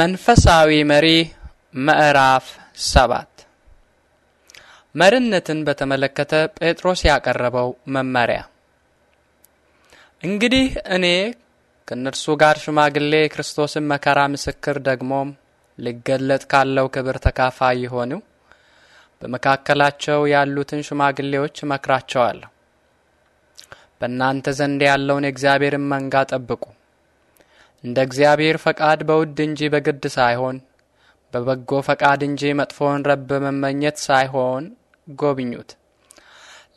መንፈሳዊ መሪ ምዕራፍ ሰባት መሪነትን በተመለከተ ጴጥሮስ ያቀረበው መመሪያ። እንግዲህ እኔ ከእነርሱ ጋር ሽማግሌ የክርስቶስን መከራ ምስክር፣ ደግሞም ሊገለጥ ካለው ክብር ተካፋይ የሆኑ በመካከላቸው ያሉትን ሽማግሌዎች እመክራቸዋለሁ። በእናንተ ዘንድ ያለውን የእግዚአብሔርን መንጋ ጠብቁ እንደ እግዚአብሔር ፈቃድ በውድ እንጂ በግድ ሳይሆን በበጎ ፈቃድ እንጂ መጥፎን ረብ በመመኘት ሳይሆን ጎብኙት።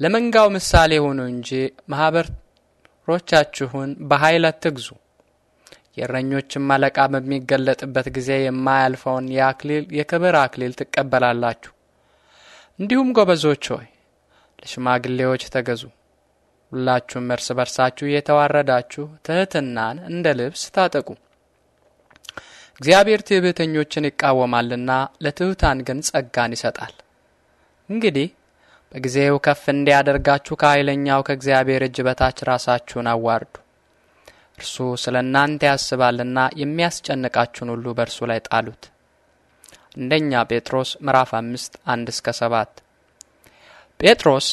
ለመንጋው ምሳሌ ሁኑ እንጂ ማኅበሮቻችሁን በኃይል አትግዙ። የእረኞችም አለቃ በሚገለጥበት ጊዜ የማያልፈውን የአክሊል የክብር አክሊል ትቀበላላችሁ። እንዲሁም ጎበዞች ሆይ ለሽማግሌዎች ተገዙ። ሁላችሁም እርስ በርሳችሁ የተዋረዳችሁ ትህትናን እንደ ልብስ ታጠቁ። እግዚአብሔር ትዕቢተኞችን ይቃወማልና ለትሑታን ግን ጸጋን ይሰጣል። እንግዲህ በጊዜው ከፍ እንዲያደርጋችሁ ከኃይለኛው ከእግዚአብሔር እጅ በታች ራሳችሁን አዋርዱ። እርሱ ስለ እናንተ ያስባልና የሚያስጨንቃችሁን ሁሉ በእርሱ ላይ ጣሉት። አንደኛ ጴጥሮስ ምዕራፍ አምስት አንድ እስከ ሰባት ጴጥሮስ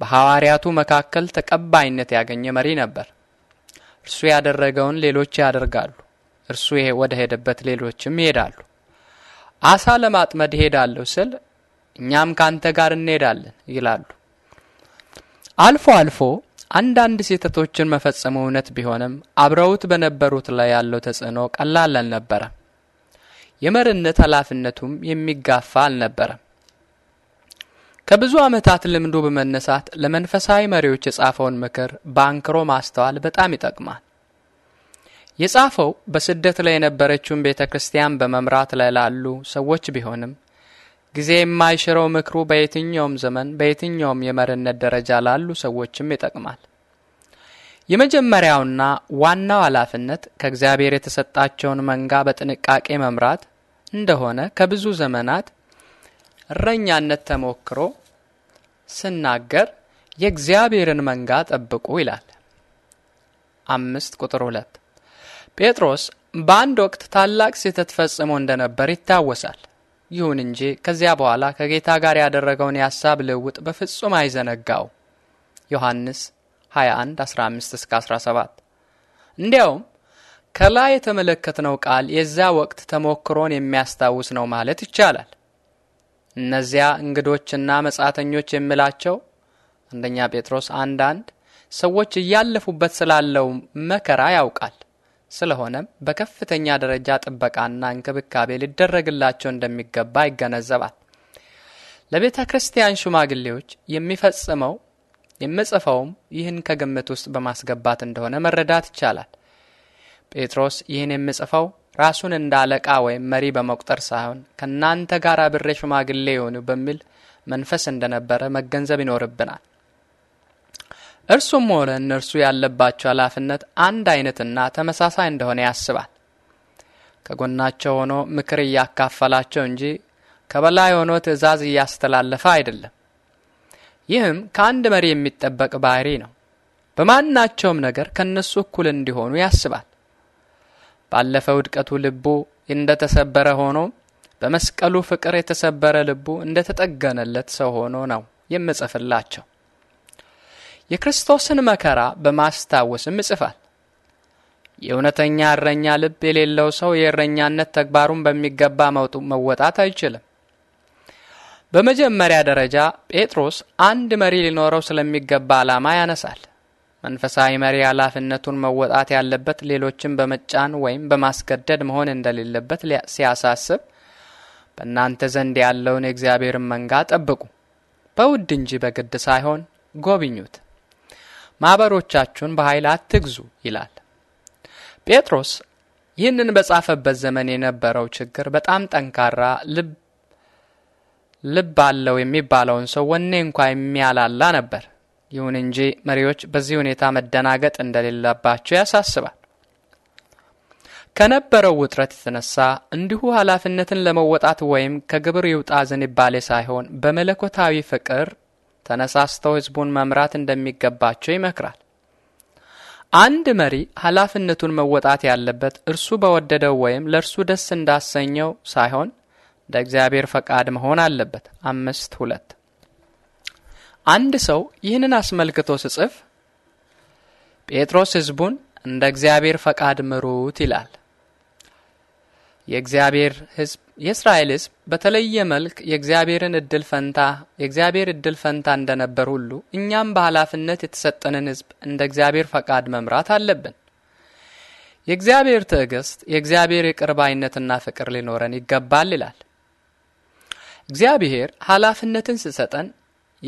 በሐዋርያቱ መካከል ተቀባይነት ያገኘ መሪ ነበር። እርሱ ያደረገውን ሌሎች ያደርጋሉ። እርሱ ወደ ሄደበት ሌሎችም ይሄዳሉ። አሳ ለማጥመድ ይሄዳለሁ ስል እኛም ካንተ ጋር እንሄዳለን ይላሉ። አልፎ አልፎ አንዳንድ ስህተቶችን መፈጸሙ እውነት ቢሆንም አብረውት በነበሩት ላይ ያለው ተጽዕኖ ቀላል አልነበረም። የመሪነት ኃላፊነቱም የሚጋፋ አልነበረም። ከብዙ ዓመታት ልምዱ በመነሳት ለመንፈሳዊ መሪዎች የጻፈውን ምክር በአንክሮ ማስተዋል በጣም ይጠቅማል። የጻፈው በስደት ላይ የነበረችውን ቤተ ክርስቲያን በመምራት ላይ ላሉ ሰዎች ቢሆንም ጊዜ የማይሽረው ምክሩ በየትኛውም ዘመን በየትኛውም የመሪነት ደረጃ ላሉ ሰዎችም ይጠቅማል። የመጀመሪያውና ዋናው ኃላፊነት ከእግዚአብሔር የተሰጣቸውን መንጋ በጥንቃቄ መምራት እንደሆነ ከብዙ ዘመናት እረኛነት ተሞክሮ ስናገር የእግዚአብሔርን መንጋ ጠብቁ ይላል። አምስት ቁጥር ሁለት ጴጥሮስ በአንድ ወቅት ታላቅ ስህተት ፈጽሞ እንደነበር ይታወሳል። ይሁን እንጂ ከዚያ በኋላ ከጌታ ጋር ያደረገውን የሐሳብ ልውውጥ በፍጹም አይዘነጋው። ዮሐንስ 21 15 እስከ 17 እንዲያውም ከላይ የተመለከትነው ቃል የዚያ ወቅት ተሞክሮን የሚያስታውስ ነው ማለት ይቻላል። እነዚያ እንግዶችና መጻተኞች የሚላቸው አንደኛ ጴጥሮስ አንድ አንድ ሰዎች እያለፉበት ስላለው መከራ ያውቃል። ስለሆነም በከፍተኛ ደረጃ ጥበቃና እንክብካቤ ሊደረግላቸው እንደሚገባ ይገነዘባል። ለቤተ ክርስቲያን ሽማግሌዎች የሚፈጽመው የምጽፈውም ይህን ከግምት ውስጥ በማስገባት እንደሆነ መረዳት ይቻላል። ጴጥሮስ ይህን የምጽፈው ራሱን እንደ አለቃ ወይም መሪ በመቁጠር ሳይሆን ከእናንተ ጋር አብሬ ሽማግሌ የሆኑ በሚል መንፈስ እንደነበረ መገንዘብ ይኖርብናል። እርሱም ሆነ እነርሱ ያለባቸው ኃላፊነት አንድ አይነትና ተመሳሳይ እንደሆነ ያስባል። ከጎናቸው ሆኖ ምክር እያካፈላቸው እንጂ ከበላይ ሆኖ ትዕዛዝ እያስተላለፈ አይደለም። ይህም ከአንድ መሪ የሚጠበቅ ባህሪ ነው። በማናቸውም ነገር ከእነሱ እኩል እንዲሆኑ ያስባል። ባለፈው ውድቀቱ ልቡ እንደተሰበረ ሆኖ በመስቀሉ ፍቅር የተሰበረ ልቡ እንደተጠገነለት ሰው ሆኖ ነው የምጽፍላቸው። የክርስቶስን መከራ በማስታወስም ይጽፋል። የእውነተኛ እረኛ ልብ የሌለው ሰው የእረኛነት ተግባሩን በሚገባ መወጣት አይችልም። በመጀመሪያ ደረጃ ጴጥሮስ አንድ መሪ ሊኖረው ስለሚገባ ዓላማ ያነሳል። መንፈሳዊ መሪ ኃላፊነቱን መወጣት ያለበት ሌሎችን በመጫን ወይም በማስገደድ መሆን እንደሌለበት ሲያሳስብ በእናንተ ዘንድ ያለውን የእግዚአብሔርን መንጋ ጠብቁ፣ በውድ እንጂ በግድ ሳይሆን ጎብኙት፣ ማኅበሮቻችሁን በኃይል አትግዙ ይላል ጴጥሮስ። ይህንን በጻፈበት ዘመን የነበረው ችግር በጣም ጠንካራ ልብ ልብ አለው የሚባለውን ሰው ወኔ እንኳ የሚያላላ ነበር። ይሁን እንጂ መሪዎች በዚህ ሁኔታ መደናገጥ እንደሌለባቸው ያሳስባል። ከነበረው ውጥረት የተነሳ እንዲሁ ኃላፊነትን ለመወጣት ወይም ከግብር ይውጣ ዝንባሌ ሳይሆን በመለኮታዊ ፍቅር ተነሳስተው ሕዝቡን መምራት እንደሚገባቸው ይመክራል። አንድ መሪ ኃላፊነቱን መወጣት ያለበት እርሱ በወደደው ወይም ለእርሱ ደስ እንዳሰኘው ሳይሆን እንደ እግዚአብሔር ፈቃድ መሆን አለበት። አምስት ሁለት አንድ ሰው ይህንን አስመልክቶ ስጽፍ ጴጥሮስ ሕዝቡን እንደ እግዚአብሔር ፈቃድ ምሩት ይላል። የእግዚአብሔር ሕዝብ የእስራኤል ሕዝብ በተለየ መልክ የእግዚአብሔርን እድል ፈንታ የእግዚአብሔር እድል ፈንታ እንደነበር ሁሉ እኛም በኃላፊነት የተሰጠንን ሕዝብ እንደ እግዚአብሔር ፈቃድ መምራት አለብን። የእግዚአብሔር ትዕግስት፣ የእግዚአብሔር የቅርብ አይነትና ፍቅር ሊኖረን ይገባል ይላል። እግዚአብሔር ኃላፊነትን ሲሰጠን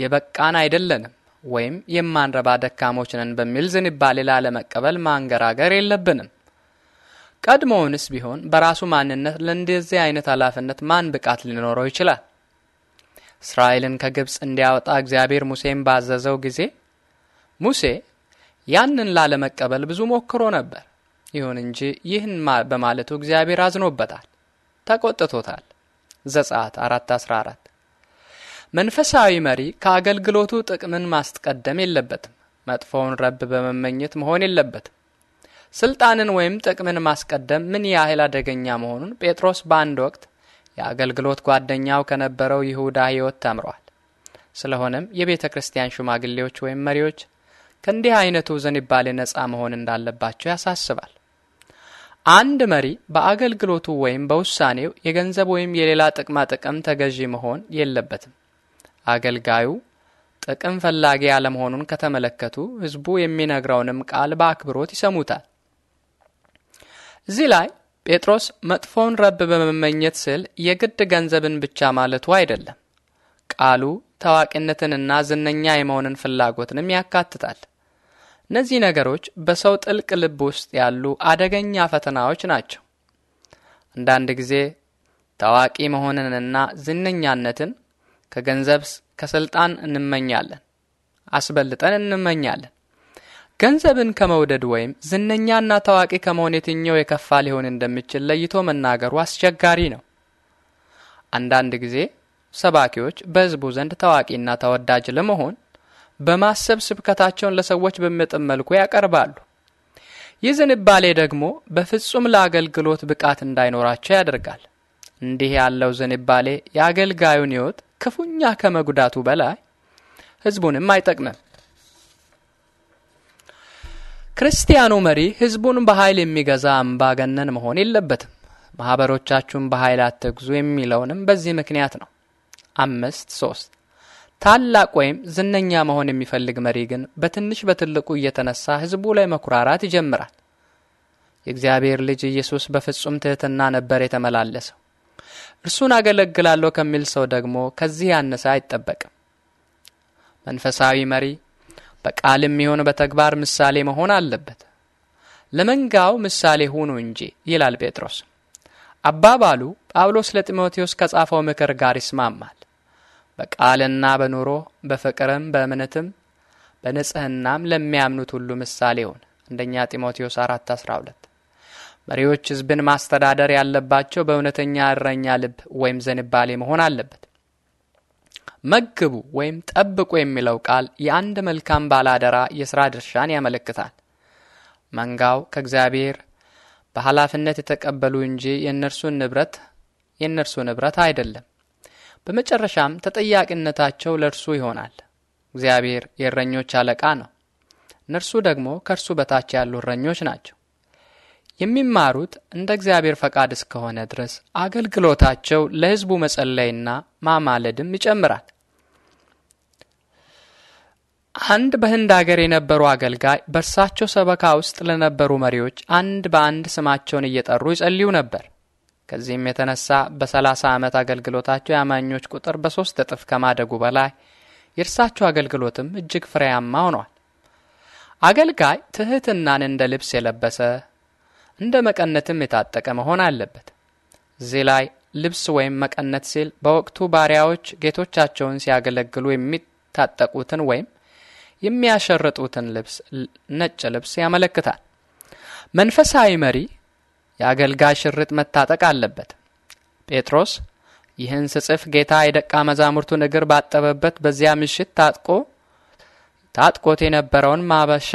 የበቃን አይደለንም ወይም የማንረባ ደካሞች ነን በሚል ዝንባሌ ላለመቀበል ማንገራገር የለብንም። ቀድሞውንስ ቢሆን በራሱ ማንነት ለእንደዚህ አይነት ኃላፊነት ማን ብቃት ሊኖረው ይችላል? እስራኤልን ከግብፅ እንዲያወጣ እግዚአብሔር ሙሴን ባዘዘው ጊዜ ሙሴ ያንን ላለመቀበል ብዙ ሞክሮ ነበር። ይሁን እንጂ ይህን በማለቱ እግዚአብሔር አዝኖበታል፣ ተቆጥቶታል። ዘጸአት 4 14 መንፈሳዊ መሪ ከአገልግሎቱ ጥቅምን ማስቀደም የለበትም። መጥፎውን ረብ በመመኘት መሆን የለበትም። ስልጣንን ወይም ጥቅምን ማስቀደም ምን ያህል አደገኛ መሆኑን ጴጥሮስ በአንድ ወቅት የአገልግሎት ጓደኛው ከነበረው ይሁዳ ሕይወት ተምሯል። ስለሆነም የቤተ ክርስቲያን ሽማግሌዎች ወይም መሪዎች ከእንዲህ አይነቱ ዝንባሌ ነፃ መሆን እንዳለባቸው ያሳስባል። አንድ መሪ በአገልግሎቱ ወይም በውሳኔው የገንዘብ ወይም የሌላ ጥቅማ ጥቅም ተገዢ መሆን የለበትም። አገልጋዩ ጥቅም ፈላጊ አለመሆኑን ከተመለከቱ ሕዝቡ የሚነግረውንም ቃል በአክብሮት ይሰሙታል። እዚህ ላይ ጴጥሮስ መጥፎውን ረብ በመመኘት ስል የግድ ገንዘብን ብቻ ማለቱ አይደለም። ቃሉ ታዋቂነትንና ዝነኛ የመሆንን ፍላጎትንም ያካትታል። እነዚህ ነገሮች በሰው ጥልቅ ልብ ውስጥ ያሉ አደገኛ ፈተናዎች ናቸው። አንዳንድ ጊዜ ታዋቂ መሆንንና ዝነኛነትን ከገንዘብ ከስልጣን እንመኛለን አስበልጠን እንመኛለን። ገንዘብን ከመውደድ ወይም ዝነኛና ታዋቂ ከመሆን የትኛው የከፋ ሊሆን እንደሚችል ለይቶ መናገሩ አስቸጋሪ ነው። አንዳንድ ጊዜ ሰባኪዎች በሕዝቡ ዘንድ ታዋቂና ተወዳጅ ለመሆን በማሰብ ስብከታቸውን ለሰዎች በሚጥም መልኩ ያቀርባሉ። ይህ ዝንባሌ ደግሞ በፍጹም ለአገልግሎት ብቃት እንዳይኖራቸው ያደርጋል። እንዲህ ያለው ዝንባሌ የአገልጋዩን ሕይወት ክፉኛ ከመጉዳቱ በላይ ህዝቡንም አይጠቅምም። ክርስቲያኑ መሪ ህዝቡን በኃይል የሚገዛ አምባገነን መሆን የለበትም። ማኅበሮቻችሁን በኃይል አትግዙ የሚለውንም በዚህ ምክንያት ነው። አምስት ሶስት ታላቅ ወይም ዝነኛ መሆን የሚፈልግ መሪ ግን በትንሽ በትልቁ እየተነሳ ህዝቡ ላይ መኩራራት ይጀምራል። የእግዚአብሔር ልጅ ኢየሱስ በፍጹም ትሕትና ነበር የተመላለሰው። እርሱን አገለግላለሁ ከሚል ሰው ደግሞ ከዚህ ያነሰ አይጠበቅም። መንፈሳዊ መሪ በቃል የሚሆን በተግባር ምሳሌ መሆን አለበት። ለመንጋው ምሳሌ ሁኑ እንጂ ይላል ጴጥሮስ። አባባሉ ጳውሎስ ለጢሞቴዎስ ከጻፈው ምክር ጋር ይስማማል። በቃልና በኑሮ በፍቅርም በእምነትም በንጽህናም ለሚያምኑት ሁሉ ምሳሌ ሁን። አንደኛ ጢሞቴዎስ 4 12 መሪዎች ህዝብን ማስተዳደር ያለባቸው በእውነተኛ እረኛ ልብ ወይም ዘንባሌ መሆን አለበት። መግቡ ወይም ጠብቁ የሚለው ቃል የአንድ መልካም ባላደራ የሥራ ድርሻን ያመለክታል። መንጋው ከእግዚአብሔር በኃላፊነት የተቀበሉ እንጂ የእነርሱን ንብረት የእነርሱ ንብረት አይደለም። በመጨረሻም ተጠያቂነታቸው ለእርሱ ይሆናል። እግዚአብሔር የእረኞች አለቃ ነው፣ እነርሱ ደግሞ ከእርሱ በታች ያሉ እረኞች ናቸው። የሚማሩት እንደ እግዚአብሔር ፈቃድ እስከሆነ ድረስ አገልግሎታቸው ለሕዝቡ መጸለይና ማማለድም ይጨምራል። አንድ በህንድ አገር የነበሩ አገልጋይ በእርሳቸው ሰበካ ውስጥ ለነበሩ መሪዎች አንድ በአንድ ስማቸውን እየጠሩ ይጸልዩ ነበር። ከዚህም የተነሳ በ30 ዓመት አገልግሎታቸው የአማኞች ቁጥር በሦስት እጥፍ ከማደጉ በላይ የእርሳቸው አገልግሎትም እጅግ ፍሬያማ ሆኗል። አገልጋይ ትሕትናን እንደ ልብስ የለበሰ እንደ መቀነትም የታጠቀ መሆን አለበት። እዚህ ላይ ልብስ ወይም መቀነት ሲል በወቅቱ ባሪያዎች ጌቶቻቸውን ሲያገለግሉ የሚታጠቁትን ወይም የሚያሸርጡትን ልብስ ነጭ ልብስ ያመለክታል። መንፈሳዊ መሪ የአገልጋይ ሽርጥ መታጠቅ አለበት። ጴጥሮስ ይህን ስጽፍ ጌታ የደቃ መዛሙርቱን እግር ባጠበበት በዚያ ምሽት ታጥቆ ታጥቆት የነበረውን ማበሻ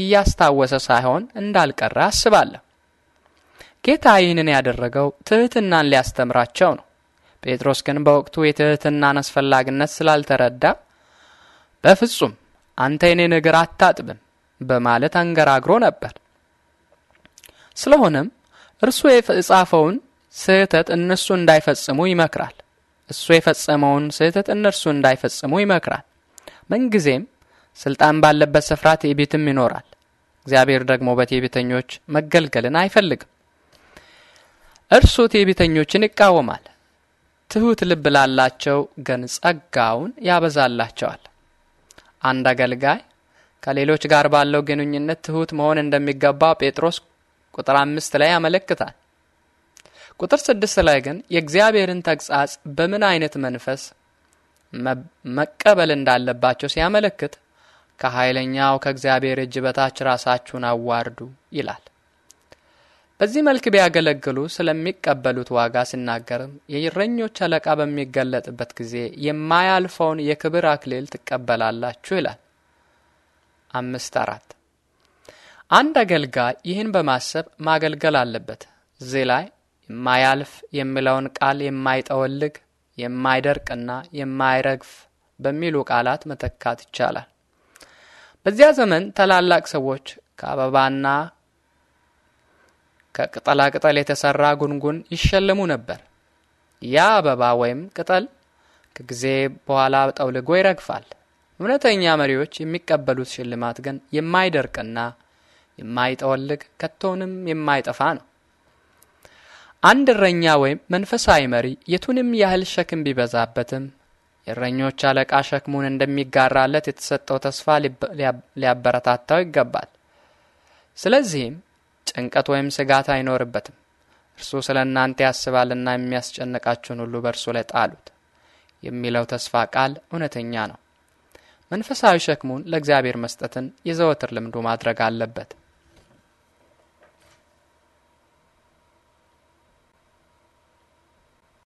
እያስታወሰ ሳይሆን እንዳልቀረ አስባለሁ። ጌታ ይህንን ያደረገው ትሕትናን ሊያስተምራቸው ነው። ጴጥሮስ ግን በወቅቱ የትሕትናን አስፈላጊነት ስላልተረዳ በፍጹም አንተ የኔን እግር አታጥብም በማለት አንገራግሮ ነበር። ስለሆነም እርሱ የጻፈውን ስህተት እነሱ እንዳይፈጽሙ ይመክራል። እሱ የፈጸመውን ስህተት እነርሱ እንዳይፈጽሙ ይመክራል። ምንጊዜም ስልጣን ባለበት ስፍራ ትዕቢትም ይኖራል። እግዚአብሔር ደግሞ በትዕቢተኞች መገልገልን አይፈልግም። እርሱ ትዕቢተኞችን ይቃወማል፣ ትሑት ልብ ላላቸው ግን ጸጋውን ያበዛላቸዋል። አንድ አገልጋይ ከሌሎች ጋር ባለው ግንኙነት ትሑት መሆን እንደሚገባው ጴጥሮስ ቁጥር አምስት ላይ ያመለክታል። ቁጥር ስድስት ላይ ግን የእግዚአብሔርን ተግሣጽ በምን አይነት መንፈስ መቀበል እንዳለባቸው ሲያመለክት ከኃይለኛው ከእግዚአብሔር እጅ በታች ራሳችሁን አዋርዱ ይላል። በዚህ መልክ ቢያገለግሉ ስለሚቀበሉት ዋጋ ሲናገርም የእረኞች አለቃ በሚገለጥበት ጊዜ የማያልፈውን የክብር አክሊል ትቀበላላችሁ ይላል። አምስት አራት አንድ አገልጋይ ይህን በማሰብ ማገልገል አለበት። እዚህ ላይ የማያልፍ የሚለውን ቃል የማይጠወልግ የማይደርቅና የማይረግፍ በሚሉ ቃላት መተካት ይቻላል። በዚያ ዘመን ታላላቅ ሰዎች ከአበባና ከቅጠላ ቅጠል የተሰራ ጉንጉን ይሸለሙ ነበር። ያ አበባ ወይም ቅጠል ከጊዜ በኋላ ጠውልጎ ይረግፋል። እውነተኛ መሪዎች የሚቀበሉት ሽልማት ግን የማይደርቅና የማይጠወልግ ከቶንም የማይጠፋ ነው። አንድ እረኛ ወይም መንፈሳዊ መሪ የቱንም ያህል ሸክም ቢበዛበትም የእረኞች አለቃ ሸክሙን እንደሚጋራለት የተሰጠው ተስፋ ሊያበረታታው ይገባል። ስለዚህም ጭንቀት ወይም ስጋት አይኖርበትም። እርሱ ስለ እናንተ ያስባልና የሚያስጨንቃችሁን ሁሉ በእርሱ ላይ ጣሉት የሚለው ተስፋ ቃል እውነተኛ ነው። መንፈሳዊ ሸክሙን ለእግዚአብሔር መስጠትን የዘወትር ልምዱ ማድረግ አለበት።